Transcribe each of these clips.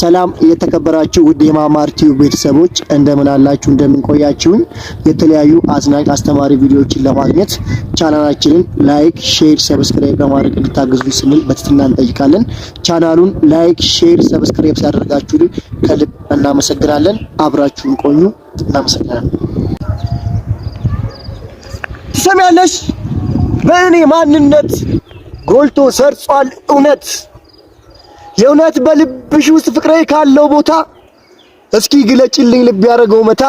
ሰላም የተከበራችሁ ውድ የማማር ቲዩብ ቤተሰቦች እንደምን አላችሁ? እንደምን ቆያችሁኝ? የተለያዩ አዝናኝ አስተማሪ ቪዲዮዎችን ለማግኘት ቻናላችንን ላይክ፣ ሼር፣ ሰብስክራይብ በማድረግ እንድታግዙ ስንል በትህትና እንጠይቃለን። ቻናሉን ላይክ፣ ሼር፣ ሰብስክራይብ ሲያደርጋችሁልን ከልብ እናመሰግናለን። አብራችሁን ቆዩ። እናመሰግናለን። ትሰሚያለሽ? በእኔ ማንነት ጎልቶ ሰርጿል እውነት የእውነት በልብሽ ውስጥ ፍቅሬ ካለው ቦታ እስኪ ግለጭልኝ ልብ ያደረገው መታ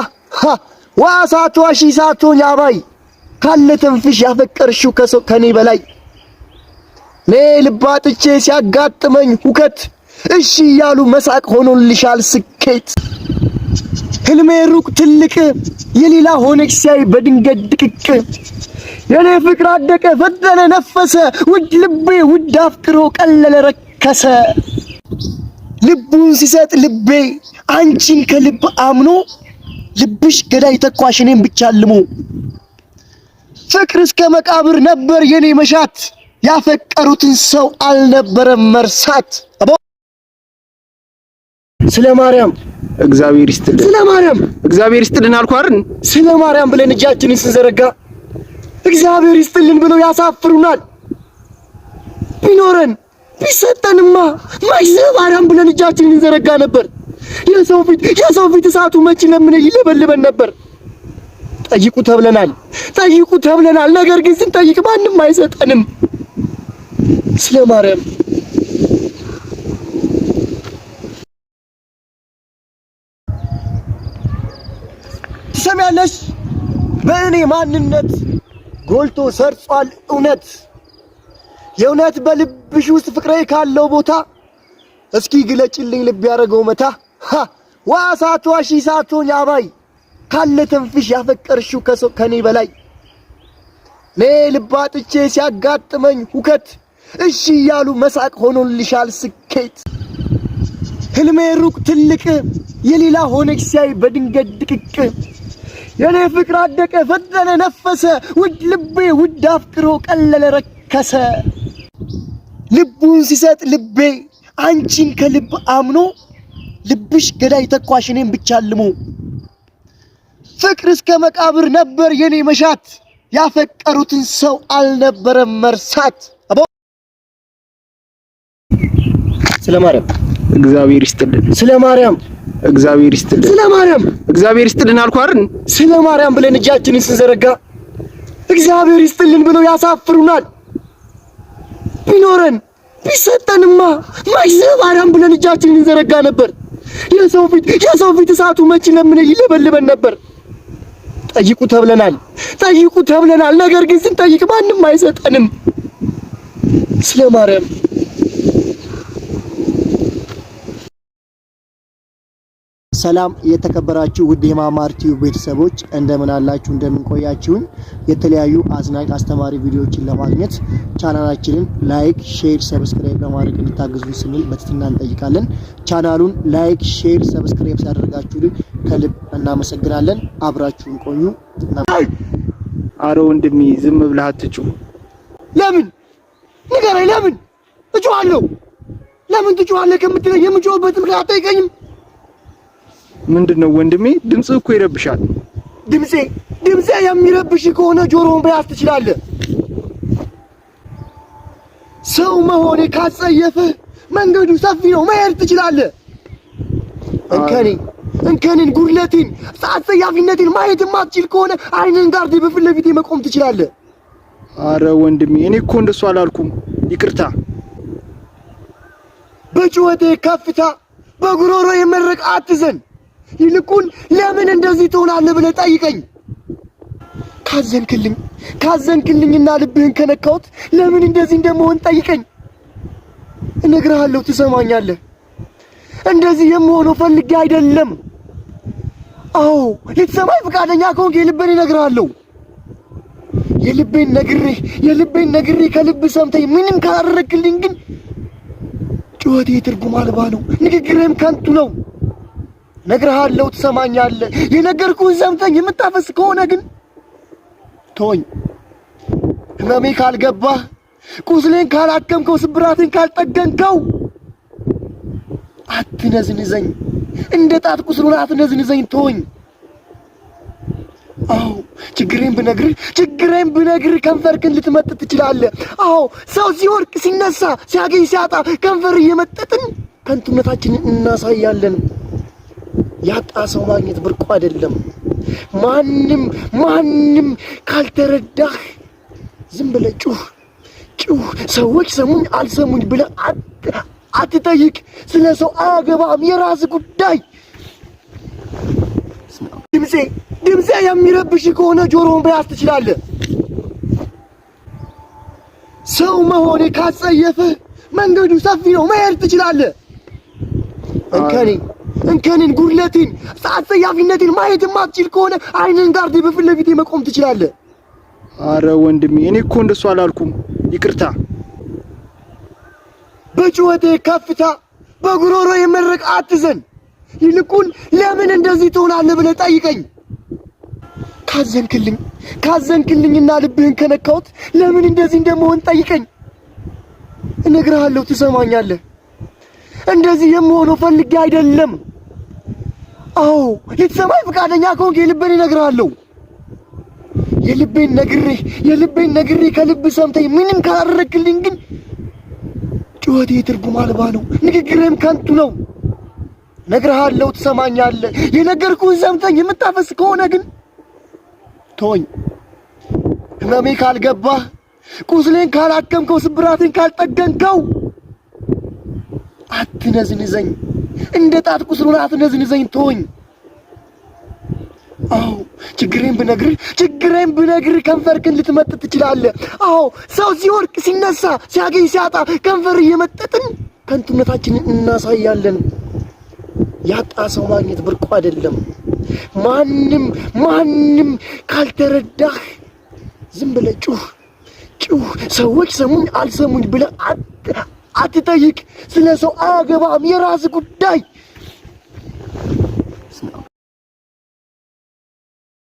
ዋ ሳትዋሺ ሳትሆኝ አባይ ካለ ትንፍሽ ያፈቀርሽው ከሰው ከኔ በላይ እኔ ልባጥቼ ሲያጋጥመኝ ሁከት እሺ እያሉ መሳቅ ሆኖልሻል ስኬት ህልሜ ሩቅ ትልቅ የሌላ ሆነች ሲያይ በድንገት ድቅቅ የኔ ፍቅር አደቀ ፈጠነ ነፈሰ ውድ ልቤ ውድ አፍቅሮ ቀለለ ረክ ከሰ ልቡን ሲሰጥ ልቤ አንቺን ከልብ አምኖ ልብሽ ገዳይ ተኳሽ እኔም ብቻ አልሞ ፍቅር እስከ መቃብር ነበር የኔ መሻት ያፈቀሩትን ሰው አልነበረም መርሳት። ስለ ማርያም እግዚአብሔር ይስጥልን፣ ስለ ማርያም እግዚአብሔር ይስጥልን አልኩ አይደል? ስለ ማርያም ብለን እጃችንን ስንዘረጋ እግዚአብሔር ይስጥልን ብለው ያሳፍሩናል ቢኖረን ቢሰጠንማ ማይዘባራም ብለን እጃችንን እንዘረጋ ነበር። የሰው ፊት የሰው ፊት እሳቱ መቼ ለምን ይለበልበን ነበር? ጠይቁ ተብለናል፣ ጠይቁ ተብለናል። ነገር ግን ስንጠይቅ ማንም አይሰጠንም። ስለ ማርያም ትሰሚያለሽ? በእኔ ማንነት ጎልቶ ሰርጿል እውነት የእውነት በልብሽ ውስጥ ፍቅሬ ካለው ቦታ እስኪ ግለጭልኝ ልብ ያደረገው መታ ዋ ሳትዋሺ ሳትሆኝ አባይ ካለ ተንፍሽ ያፈቀርሽው ከሰው ከኔ በላይ እኔ ልባጥቼ ሲያጋጥመኝ ሁከት እሺ እያሉ መሳቅ ሆኖልሻል ስኬት ህልሜ ሩቅ ትልቅ የሌላ ሆነች ሲያይ በድንገት ድቅቅ የኔ ፍቅር አደቀ ፈጠነ ነፈሰ ውድ ልቤ ውድ አፍቅሮ ቀለለ ረከሰ ልቡን ሲሰጥ ልቤ አንቺን ከልብ አምኖ ልብሽ ገዳይ ተኳሽ እኔም ብቻ አልሞ ፍቅር እስከ መቃብር ነበር የኔ መሻት ያፈቀሩትን ሰው አልነበረም መርሳት። ስለ ማርያም እግዚአብሔር ይስጥልን። ስለ ማርያም እግዚአብሔር ይስጥልን። ስለ ማርያም እግዚአብሔር ይስጥልን አልኩ አይደል? ስለ ማርያም ብለን እጃችንን ስንዘረጋ እግዚአብሔር ይስጥልን ብለው ያሳፍሩናል። ቢኖረን ቢሰጠንማ ማይሰብ አዳም ብለን እጃችን ልንዘረጋ ነበር። የሰው ፊት የሰው ፊት እሳቱ መቼ ለምን ይለበልበን ነበር? ጠይቁ ተብለናል፣ ጠይቁ ተብለናል። ነገር ግን ስንጠይቅ ማንም አይሰጠንም። ስለ ማርያም ሰላም የተከበራችሁ ውድ የማማር ቲዩብ ቤተሰቦች እንደምን አላችሁ? እንደምን የተለያዩ አዝናኝ አስተማሪ ቪዲዮዎችን ለማግኘት ቻናላችንን ላይክ፣ ሼር፣ ሰብስክራይብ በማድረግ እንድታግዙ ስንል በትህትና እንጠይቃለን። ቻናሉን ላይክ፣ ሼር፣ ሰብስክራይብ ሲያደርጋችሁልን ከልብ እናመሰግናለን። አብራችሁን ቆዩ። አረ ወንድሜ ዝም ብለህ አትጩ። ለምን ንገረኝ። ለምን አለው? ለምን አለ ከምትለኝ የምጩበት ምክንያት አትጠይቀኝም? ምንድን ነው ወንድሜ? ድምጽ እኮ ይረብሻል። ድምጼ ድምጼ የሚረብሽ ከሆነ ጆሮውን በያዝ ትችላለህ። ሰው መሆኔ ካጸየፍህ መንገዱ ሰፊ ነው፣ መሄድ ትችላለህ። እንከኔን እንከኔን ጉድለቴን አጸያፊነቴን ማየት የማትችል ከሆነ አይንን ጋር በፊት ለፊቴ መቆም ትችላለህ። አረ ወንድሜ እኔ እኮ እንደሱ አላልኩም፣ ይቅርታ። በጩኸቴ ከፍታ በጉሮሮ የመድረቅ አትዘን ይልቁን ለምን እንደዚህ ትሆናለህ ብለህ ጠይቀኝ። ካዘንክልኝ ካዘንክልኝና ልብህን ከነካሁት ለምን እንደዚህ እንደመሆን ጠይቀኝ፣ እነግርሃለሁ። ትሰማኛለህ? እንደዚህ የምሆነው ፈልጌ አይደለም። አዎ ልትሰማኝ ፈቃደኛ ከሆንክ የልቤን እነግርሃለሁ። የልቤን ነግሬ የልቤን ነግሬ ከልብ ሰምተኝ ምንም ካላደረክልኝ ግን ጩኸቴ ትርጉም አልባ ነው፣ ንግግርህም ከንቱ ነው። ነግርሃለሁ፣ ትሰማኛለህ። የነገርኩህን ሰምተኝ የምታፈስ ከሆነ ግን ተወኝ። ህመሜ ካልገባህ፣ ቁስሌን ካላከምከው፣ ስብራትን ካልጠገንከው አትነዝንዘኝ። እንደ ጣት ቁስሉን አትነዝንዘኝ፣ ተወኝ። አዎ ችግሬን ብነግር ችግሬን ብነግር ከንፈርክን ልትመጥ ትችላለህ። አዎ ሰው ሲወርቅ ሲነሳ ሲያገኝ ሲያጣ ከንፈር እየመጠጥን ከንቱነታችንን እናሳያለን። ያጣ ሰው ማግኘት ብርቁ አይደለም። ማንም ማንም ካልተረዳህ ዝም ብለህ ጩህ ጩህ። ሰዎች ሰሙኝ አልሰሙኝ ብለህ አትጠይቅ። ስለ ሰው አያገባም፣ ጉዳይ። ድምፄ ድምፄ የሚረብሽ ከሆነ ጆሮውን በያዝ ትችላለህ። ሰው መሆኔ ካጸየፍህ መንገዱ ሰፊ ነው፣ መሄድ ትችላለህ። እንከኔ እንከንን፣ ጉድለትን፣ አጸያፊነትን ማየት የማትችል ከሆነ አይንን ጋር በፊት ለፊቴ መቆም ትችላለህ። አረ ወንድሜ እኔ እኮ እንደሱ አላልኩም፣ ይቅርታ። በጩኸቴ ከፍታ በጉሮሮ የመድረቅ አትዘን። ይልቁን ለምን እንደዚህ ትሆናለህ ብለህ ጠይቀኝ። ካዘንክልኝ ካዘንክልኝና ልብህን ከነካሁት ለምን እንደዚህ እንደመሆን ጠይቀኝ፣ እነግርሃለሁ። ትሰማኛለህ? እንደዚህ የምሆነው ፈልጌ አይደለም። አዎ ልትሰማኝ ፈቃደኛ ከሆንክ የልቤን እነግርሃለሁ። የልቤን ነግሬ የልቤን ነግሬ ከልብ ሰምተኝ ምንም ካላደረግልኝ ግን ጩኸቴ ትርጉም አልባ ነው፣ ንግግሬም ከንቱ ነው። ነግርሃለሁ፣ ትሰማኛለህ። የነገርኩህን ሰምተኝ የምታፈስ ከሆነ ግን ተወኝ። ህመሜ ካልገባህ፣ ቁስሌን ካላከምከው፣ ስብራቴን ካልጠገንከው አትነዝንዘኝ። እንደ ጣት ቁስሉን አትነዝንዘኝ ተወኝ። አዎ ችግሬን ብነግርህ ችግሬን ብነግርህ ከንፈርክን ልትመጥጥ ትችላለህ። አዎ ሰው ሲወርቅ ሲነሳ ሲያገኝ ሲያጣ ከንፈር እየመጠጥን ከንቱነታችንን እናሳያለን። ያጣ ሰው ማግኘት ብርቁ አይደለም። ማንም ማንም ካልተረዳህ ዝም ብለህ ጩህ ጩህ፣ ሰዎች ሰሙኝ አልሰሙኝ ብለህ አትጠይቅ። ስለ ሰው አያገባም። የራስ ጉዳይ